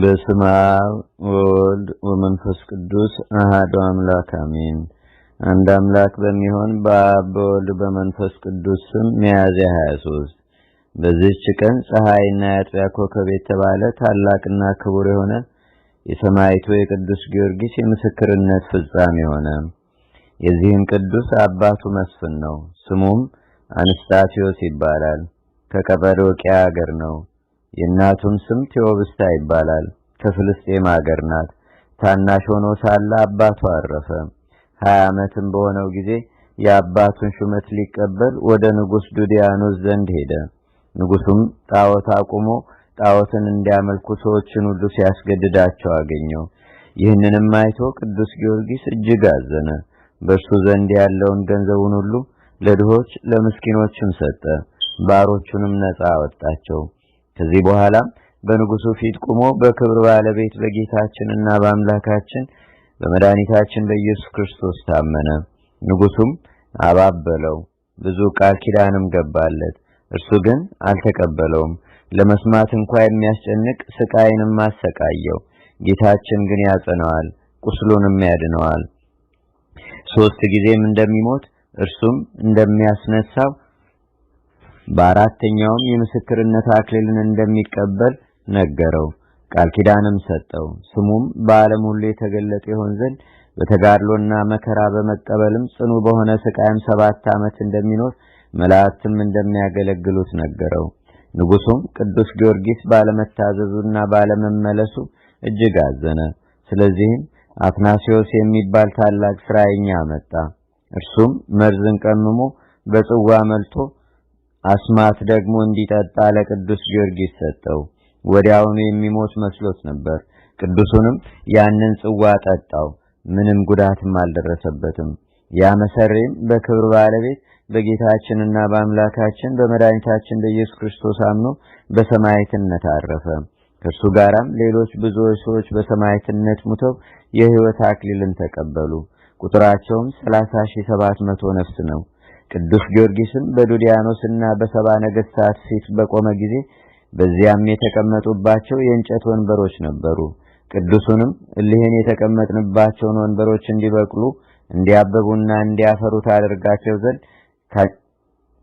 በስመ አብ ወወልድ ወመንፈስ ቅዱስ አሐዱ አምላክ አሜን። አንድ አምላክ በሚሆን በአብ በወልድ በመንፈስ ቅዱስ ስም ሚያዝያ 23 በዚህች ቀን ፀሐይና የአጥቢያ ኮከብ የተባለ ታላቅና ክቡር የሆነ የሰማዕቱ የቅዱስ ጊዮርጊስ የምስክርነት ፍጻሜ ሆነ። የዚህም ቅዱስ አባቱ መስፍን ነው። ስሙም አንስጣስዮስ ይባላል። ከቀጰዶቅያ አገር ነው። የእናቱም ስም ቴዎብስታ ይባላል። ከፍልስጤም አገር ናት። ታናሽ ሆኖ ሳለ አባቱ አረፈ። ሀያ ዓመትም በሆነው ጊዜ የአባቱን ሹመት ሊቀበል ወደ ንጉሥ ዱዲያኖስ ዘንድ ሄደ። ንጉሱም ጣዖት አቁሞ ጣዖትን እንዲያመልኩ ሰዎችን ሁሉ ሲያስገድዳቸው አገኘው። ይህንንም አይቶ ቅዱስ ጊዮርጊስ እጅግ አዘነ። በእርሱ ዘንድ ያለውን ገንዘቡን ሁሉ ለድሆች ለምስኪኖችም ሰጠ። ባሮቹንም ነፃ አወጣቸው። ከዚህ በኋላ በንጉሱ ፊት ቆሞ በክብር ባለቤት በጌታችንና በአምላካችን በመድኃኒታችን በኢየሱስ ክርስቶስ ታመነ። ንጉሱም አባበለው፣ ብዙ ቃል ኪዳንም ገባለት። እርሱ ግን አልተቀበለውም። ለመስማት እንኳ የሚያስጨንቅ ስቃይንም አሰቃየው። ጌታችን ግን ያጸነዋል፣ ቁስሉንም ያድነዋል። ሶስት ጊዜም እንደሚሞት እርሱም እንደሚያስነሳው በአራተኛውም የምስክርነት አክሊልን እንደሚቀበል ነገረው፣ ቃል ኪዳንም ሰጠው። ስሙም በዓለም ሁሉ የተገለጠ ይሆን ዘንድ በተጋድሎና መከራ በመቀበልም ጽኑ በሆነ ስቃይም ሰባት ዓመት እንደሚኖር መላእክትም እንደሚያገለግሉት ነገረው። ንጉሱም ቅዱስ ጊዮርጊስ ባለመታዘዙና ባለመመለሱ እጅግ አዘነ። ስለዚህም አትናሲዮስ የሚባል ታላቅ ስራየኛ መጣ። እርሱም መርዝን ቀምሞ በጽዋ መልቶ አስማት ደግሞ እንዲጠጣ ለቅዱስ ጊዮርጊስ ሰጠው። ወዲያውኑ የሚሞት መስሎት ነበር። ቅዱሱንም ያንን ጽዋ ጠጣው፣ ምንም ጉዳትም አልደረሰበትም። ያ መሰሬም በክብር ባለቤት በጌታችንና በአምላካችን በመድኃኒታችን በኢየሱስ ክርስቶስ አምኖ በሰማዕትነት አረፈ። ከእርሱ ጋራም ሌሎች ብዙ ሰዎች በሰማዕትነት ሙተው የሕይወት አክሊልን ተቀበሉ። ቁጥራቸውም 30700 ነፍስ ነው። ቅዱስ ጊዮርጊስም በዱዲያኖስ እና በሰባ ነገሥታት ፊት በቆመ ጊዜ በዚያም የተቀመጡባቸው የእንጨት ወንበሮች ነበሩ። ቅዱሱንም እሊህን የተቀመጥንባቸውን ወንበሮች እንዲበቅሉ እንዲያበቡና እንዲያፈሩ ታደርጋቸው ዘንድ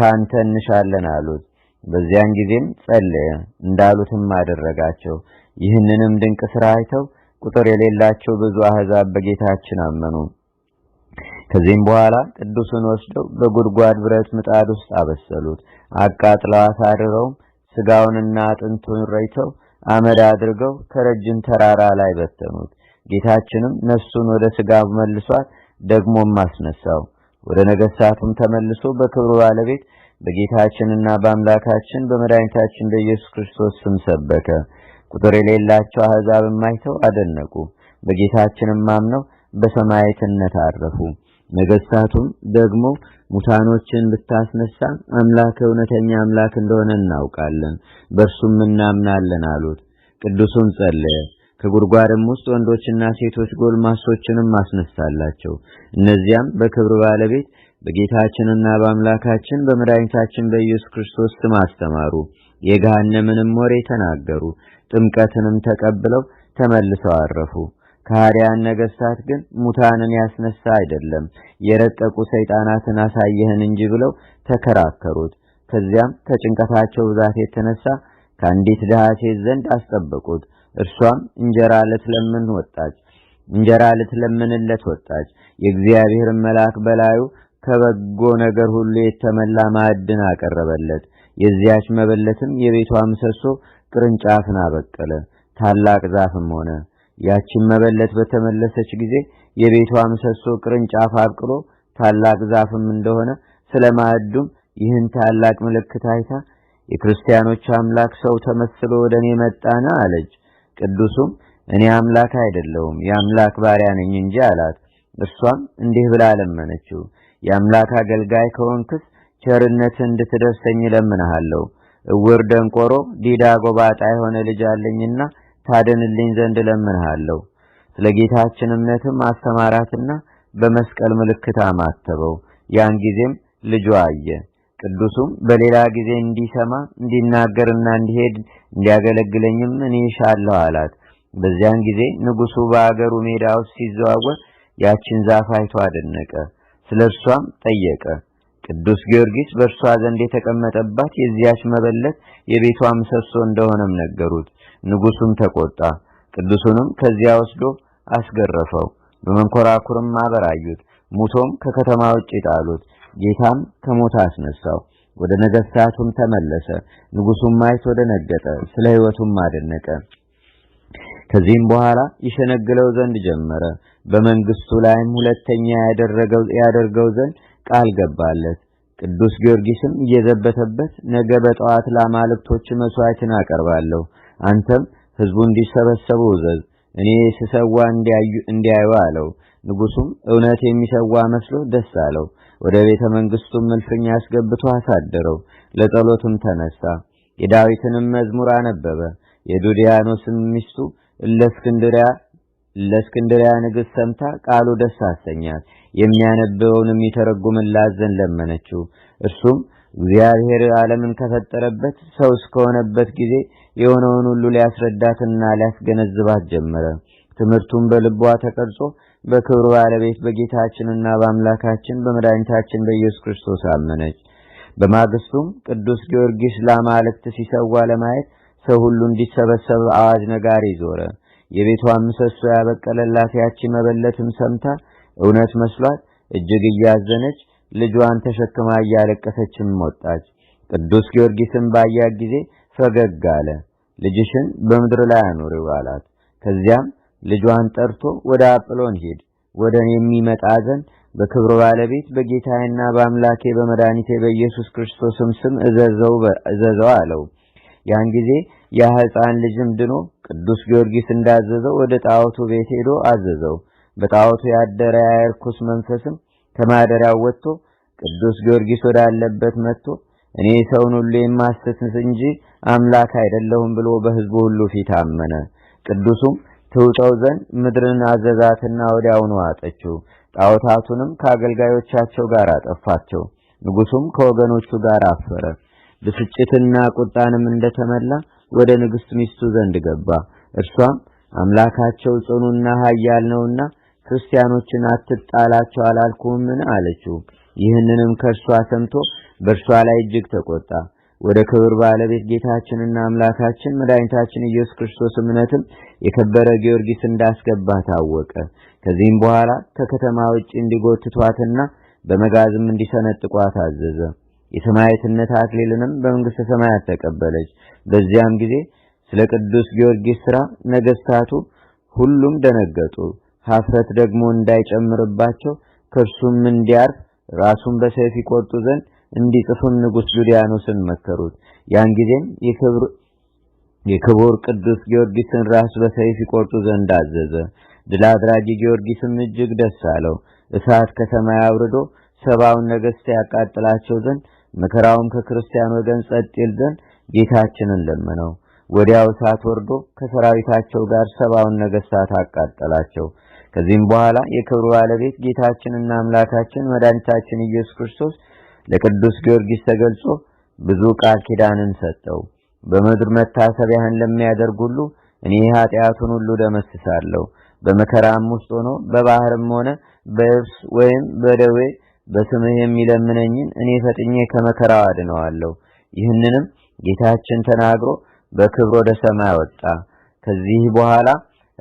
ካንተ እንሻለን አሉት። በዚያን ጊዜም ጸለየ፣ እንዳሉትም አደረጋቸው። ይህንንም ድንቅ ስራ አይተው ቁጥር የሌላቸው ብዙ አሕዛብ በጌታችን አመኑ። ከዚህም በኋላ ቅዱሱን ወስደው በጉድጓድ ብረት ምጣድ ውስጥ አበሰሉት። አቃጥለው አሳድረውም ስጋውንና አጥንቱን ረይተው አመድ አድርገው ከረጅም ተራራ ላይ በተኑት። ጌታችንም ነፍሱን ወደ ስጋው መልሷት፣ ደግሞም አስነሳው። ወደ ነገሥታቱም ተመልሶ በክብሩ ባለቤት በጌታችንና በአምላካችን በመድኃኒታችን በኢየሱስ ክርስቶስ ስም ሰበከ። ቁጥር የሌላቸው አሕዛብ አይተው አደነቁ። በጌታችንም አምነው በሰማዕትነት አረፉ። ነገስታቱም ደግሞ ሙታኖችን ብታስነሳ አምላክ እውነተኛ አምላክ እንደሆነ እናውቃለን፣ በእርሱም እናምናለን አሉት። ቅዱሱም ጸለየ። ከጉድጓድም ውስጥ ወንዶችና ሴቶች ጎልማሶችንም አስነሳላቸው። እነዚያም በክብር ባለቤት በጌታችንና በአምላካችን በመድኃኒታችን በኢየሱስ ክርስቶስ ስም አስተማሩ፣ የገሃነምንም ወሬ ተናገሩ። ጥምቀትንም ተቀብለው ተመልሰው አረፉ። ከሃዲያን ነገስታት ግን ሙታንን ያስነሳ አይደለም የረጠቁ ሰይጣናትን አሳየህን እንጂ ብለው ተከራከሩት። ከዚያም ከጭንቀታቸው ብዛት የተነሳ ከአንዲት ድሃ ሴት ዘንድ አስጠበቁት። እርሷም እንጀራ ልትለምን ወጣች እንጀራ ልትለምንለት ወጣች። የእግዚአብሔርን መልአክ በላዩ ከበጎ ነገር ሁሉ የተመላ ማዕድን አቀረበለት። የዚያች መበለትም የቤቷ ምሰሶ ቅርንጫፍን አበቀለ፣ ታላቅ ዛፍም ሆነ። ያችን መበለት በተመለሰች ጊዜ የቤቷ ምሰሶ ቅርንጫፍ አብቅሎ ታላቅ ዛፍም እንደሆነ ስለ ማዕዱም ይህን ታላቅ ምልክት አይታ የክርስቲያኖች አምላክ ሰው ተመስሎ ወደ እኔ መጣና አለች። ቅዱሱም እኔ አምላክ አይደለሁም የአምላክ ባሪያ ነኝ እንጂ አላት። እርሷም እንዲህ ብላ ለመነችው፣ የአምላክ አገልጋይ ከሆንክስ ቸርነት እንድትደርሰኝ እለምንሃለሁ። እውር፣ ደንቆሮ፣ ዲዳ፣ ጎባጣ የሆነ ልጅ አለኝና ታደንልኝ ዘንድ እለምንሃለሁ። ስለ ጌታችን እምነትም አስተማራትና በመስቀል ምልክት አማተበው። ያን ጊዜም ልጁ አየ። ቅዱሱም በሌላ ጊዜ እንዲሰማ እንዲናገርና እንዲሄድ እንዲያገለግለኝም እኔ እሻለሁ አላት። በዚያን ጊዜ ንጉሱ በአገሩ ሜዳ ውስጥ ሲዘዋወር ያችን ዛፍ አይቶ አደነቀ። ስለ እርሷም ጠየቀ። ቅዱስ ጊዮርጊስ በእርሷ ዘንድ የተቀመጠባት የዚያች መበለት የቤቷ ምሰሶ እንደሆነም ነገሩት። ንጉሱም ተቆጣ። ቅዱሱንም ከዚያ ወስዶ አስገረፈው፣ በመንኮራኩርም አበራዩት። ሙቶም ከከተማ ውጭ ጣሉት። ጌታም ከሞት አስነሳው። ወደ ነገስታቱም ተመለሰ። ንጉሡም አይቶ ደነገጠ፣ ስለ ሕይወቱም አደነቀ። ከዚህም በኋላ ይሸነግለው ዘንድ ጀመረ። በመንግስቱ ላይም ሁለተኛ ያደረገው ያደርገው ዘንድ ቃል ገባለት። ቅዱስ ጊዮርጊስም እየዘበተበት ነገ በጠዋት ለአማልክቶች መስዋዕትን አቀርባለሁ አንተም ህዝቡ እንዲሰበሰቡ እዘዝ፣ እኔ ስሰዋ እንዲያዩ አለው። ንጉሱም እውነት የሚሰዋ መስሎ ደስ አለው። ወደ ቤተ መንግስቱም እልፍኝ አስገብቶ አሳደረው። ለጸሎትም ተነሳ። የዳዊትንም መዝሙር አነበበ። የዱዲያኖስም ሚስቱ ለእስክንድሪያ ለእስክንድሪያ ንግሥት ሰምታ ቃሉ ደስ አሰኛት። የሚያነበውን የሚተረጉምላት ዘንድ ለመነችው። እርሱም እግዚአብሔር ዓለምን ከፈጠረበት ሰው እስከሆነበት ጊዜ የሆነውን ሁሉ ሊያስረዳትና ሊያስገነዝባት ጀመረ። ትምህርቱም በልቧ ተቀርጾ በክብር ባለቤት በጌታችንና በአምላካችን በመድኃኒታችን በኢየሱስ ክርስቶስ አመነች። በማግስቱም ቅዱስ ጊዮርጊስ ለአማልክት ሲሰዋ ለማየት ሰው ሁሉ እንዲሰበሰብ አዋጅ ነጋሪ ዞረ። የቤቷን ምሰሶ ያበቀለላት ያቺ መበለትም ሰምታ እውነት መስሏት እጅግ እያዘነች ልጇን ተሸክማ እያለቀሰችም ወጣች። ቅዱስ ጊዮርጊስም ባያት ጊዜ ፈገግ አለ። ልጅሽን በምድር ላይ አኑሪው አላት። ከዚያም ልጇን ጠርቶ ወደ አጵሎን ሂድ፣ ወደ እኔ የሚመጣ ዘንድ በክብር ባለቤት በጌታዬና በአምላኬ በመድኃኒቴ በኢየሱስ ክርስቶስም ስም እዘዘው አለው። ያን ጊዜ ያ ሕፃን ልጅም ድኖ ቅዱስ ጊዮርጊስ እንዳዘዘው ወደ ጣዖቱ ቤት ሄዶ አዘዘው። በጣዖቱ ያደረ ያ ርኩስ መንፈስም ከማደሪያው ወጥቶ ቅዱስ ጊዮርጊስ ወዳለበት መጥቶ እኔ ሰውን ሁሉ የማስት እንጂ አምላክ አይደለሁም ብሎ በሕዝቡ ሁሉ ፊት አመነ። ቅዱሱም ትውጠው ዘንድ ምድርን አዘዛትና ወዲያውኑ አጠችው። ጣዖታቱንም ከአገልጋዮቻቸው ጋር አጠፋቸው። ንጉሱም ከወገኖቹ ጋር አፈረ። ብስጭትና ቁጣንም እንደተመላ ወደ ንግስት ሚስቱ ዘንድ ገባ። እርሷም አምላካቸው ጽኑና ኃያል ነውና ክርስቲያኖችን አትጣላቸው አላልኩምን አለችው። ይህንንም ከእርሷ ሰምቶ በእርሷ ላይ እጅግ ተቆጣ። ወደ ክብር ባለቤት ጌታችንና አምላካችን መድኃኒታችን ኢየሱስ ክርስቶስ እምነትም የከበረ ጊዮርጊስ እንዳስገባ ታወቀ። ከዚህም በኋላ ከከተማ ውጭ እንዲጎትቷትና በመጋዝም እንዲሰነጥቋት አዘዘ። የሰማዕትነት አክሊልንም በመንግሥተ ሰማያት ተቀበለች። በዚያም ጊዜ ስለ ቅዱስ ጊዮርጊስ ሥራ ነገሥታቱ ሁሉም ደነገጡ። ኀፍረት ደግሞ እንዳይጨምርባቸው ከእርሱም እንዲያርፍ ራሱን በሰይፍ ይቆርጡ ዘንድ እንዲጽፉን ንጉስ ጁልያኖስን መከሩት። ያን ጊዜም የክቡር ቅዱስ ጊዮርጊስን ራስ በሰይፍ ይቆርጡ ዘንድ አዘዘ። ድል አድራጊ ጊዮርጊስም እጅግ ደስ አለው። እሳት ከሰማይ አውርዶ ሰባውን ነገሥት ያቃጥላቸው ዘንድ መከራውም ከክርስቲያን ወገን ጸጥ ይል ዘንድ ጌታችንን ለመነው። ወዲያው እሳት ወርዶ ከሰራዊታቸው ጋር ሰባውን ነገሥታት አቃጠላቸው። ከዚህም በኋላ የክብሩ ባለቤት ጌታችንና አምላካችን መድኃኒታችን ኢየሱስ ክርስቶስ ለቅዱስ ጊዮርጊስ ተገልጾ ብዙ ቃል ኪዳንን ሰጠው። በምድር መታሰቢያህን ለሚያደርግ ሁሉ እኔ ኃጢአቱን ሁሉ ደመስሳለሁ። በመከራም ውስጥ ሆኖ በባህርም ሆነ በየብስ ወይም በደዌ በስምህ የሚለምነኝን እኔ ፈጥኜ ከመከራው አድነዋለሁ። ይህንንም ጌታችን ተናግሮ በክብር ወደ ሰማይ ወጣ። ከዚህ በኋላ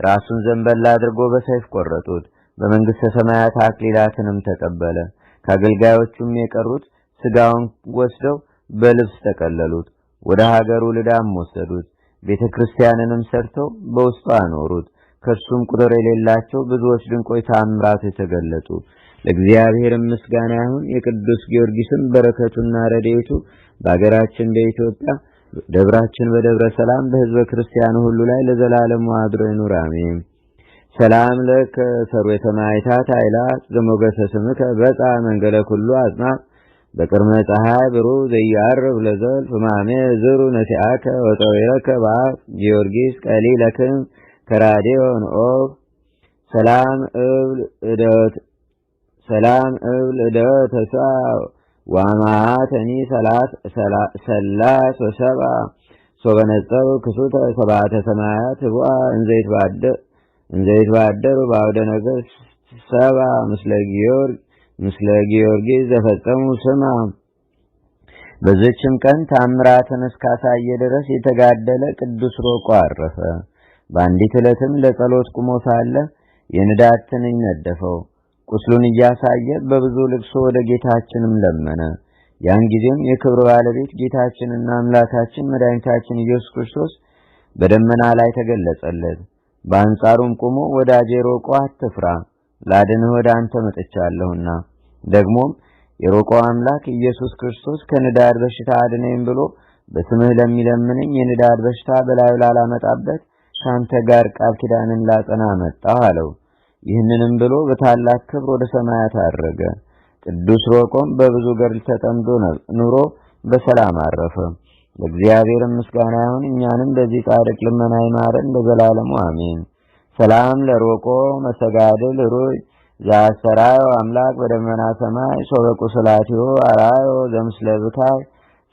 ራሱን ዘንበል አድርጎ በሰይፍ ቆረጡት። በመንግሥተ ሰማያት አክሊላትንም ተቀበለ። ከአገልጋዮቹም የቀሩት ስጋውን ወስደው በልብስ ተቀለሉት ወደ ሀገሩ ልዳም ወሰዱት። ቤተ ክርስቲያንንም ሰርተው በውስጡ አኖሩት። ከሱም ቁጥር የሌላቸው ብዙዎች ድንቆይ ታምራቱ የተገለጡ። ለእግዚአብሔር ምስጋና ይሁን። የቅዱስ ጊዮርጊስም በረከቱና ረድኤቱ በአገራችን በኢትዮጵያ ደብራችን በደብረ ሰላም በሕዝበ ክርስቲያኑ ሁሉ ላይ ለዘላለሙ አድሮ ይኑር አሜን። ሰላም ለከ ሰሩ ማይታት አይላት ዘሞገሰ ስምከ በፃ መንገለ ኩሉ አጽናፍ በቅድመ ፀሐይ ብሩ ዘያርብ ለዘልፍ ማሜ ዝሩ ነሲአከ ወፀዊረከ በአብ ጊዮርጊስ ቀሊለክም ከራዴዮ ንኦብ ሰላም እብል እደወ ተሳ ዋማተኒ ሰላስ ወሰባ ሶበነጸው ክሱተ ሰባተ ሰማያት ህቡአ እንዘይትባደሩ በአውደ ነገሥት ሰባ ምስለ ጊዮርግ ምስለ ጊዮርጊስ ዘፈጸሙ ስማ። በዘችም ቀን ታምራትን እስካሳየ ድረስ የተጋደለ ቅዱስ ሮቆ አረፈ። በአንዲት ዕለትም ለጸሎት ቁሞ ሳለ የንዳድ ትንኝ ነደፈው። ቁስሉን እያሳየ በብዙ ልቅሶ ወደ ጌታችንም ለመነ። ያን ጊዜም የክብር ባለቤት ጌታችንና አምላካችን መድኃኒታችን ኢየሱስ ክርስቶስ በደመና ላይ ተገለጸለት። በአንጻሩም ቁሞ ወዳጄ ሮቆ አትፍራ ላድንህ ወደ አንተ መጥቻለሁና ደግሞም የሮቀው አምላክ ኢየሱስ ክርስቶስ ከንዳድ በሽታ አድነኝ ብሎ በስምህ ለሚለምንኝ የንዳድ በሽታ በላዩ ላላመጣበት ካንተ ጋር ቃል ኪዳንን ላጸና መጣሁ አለው። ይህንንም ብሎ በታላቅ ክብር ወደ ሰማያት አረገ። ቅዱስ ሮቆም በብዙ ገድል ተጠምዶ ኑሮ በሰላም አረፈ። ለእግዚአብሔር ምስጋና ይሁን፣ እኛንም በዚህ ጻድቅ ልመና ይማረን ለዘላለሙ አሜን። ሰላም ለሮቆ መስተጋድል ሩይ ዘአሰራዮ አምላክ በደመና ሰማይ ሶበቁ ስላቲዮ አራዮ ዘምስለብታይ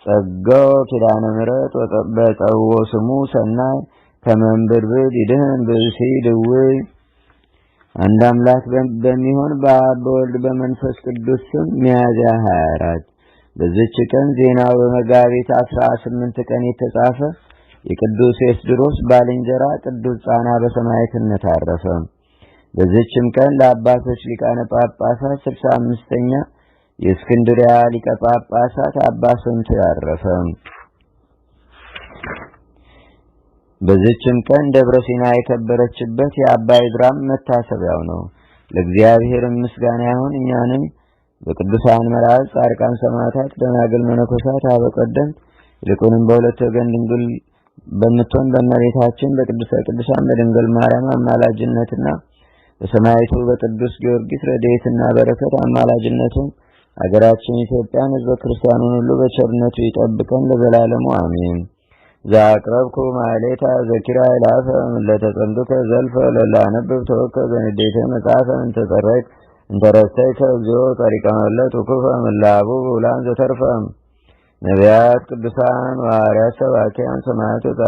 ጸጋው ኪዳነ ምሕረት በጸዎ ስሙ ሰናይ ከመንብድብድ ይድህን ብእሲ ድውይ አንድ አምላክ በሚሆን በአብ በወልድ በመንፈስ ቅዱስ ስም ሚያዝያ 24 በዚች ቀን ዜናው በመጋቢት 18 ቀን የተጻፈ የቅዱስ ኤስድሮስ ባልንጀራ ቅዱስ ጻና በሰማዕትነት አረፈ። በዚችም ቀን ለአባቶች ሊቃነ ጳጳሳት ስልሳ አምስተኛ የእስክንድሪያ ሊቀ ጳጳሳት አባ ሰምቶ አረፈ። በዚችም ቀን ደብረ ሲና የከበረችበት የአባ ይድራም መታሰቢያው ነው። ለእግዚአብሔር ምስጋና ይሁን። እኛንም በቅዱሳን መላእክት፣ ጻድቃን፣ ሰማዕታት፣ ደናግል፣ መነኮሳት አበ ቀደምት ይልቁንም በሁለት ወገን ድንግል በምትሆን በእመቤታችን በቅድስተ ቅዱሳን በድንግል ማርያም አማላጅነትና በሰማያዊቱ በቅዱስ ጊዮርጊስ ረድኤትና በረከት አማላጅነቱም አገራችን ኢትዮጵያን ሕዝበ ክርስቲያኑን ሁሉ በቸርነቱ ይጠብቀን ለዘላለሙ አሜን። ዛቅረብኩ ማሕሌታ ዘኪራ ይላፈ ለተጸንዱከ ዘልፈ ለላነብብ ተወከ ዘንዴተ መጽሐፈ እንተጸረቅ እንተረስተይከ እግዚኦ ጸሪቀ መለት ውኩፈ ምላቡ ውላን ዘተርፈም नव्यात् कृदृशान् वारसवाक्यान् समाचता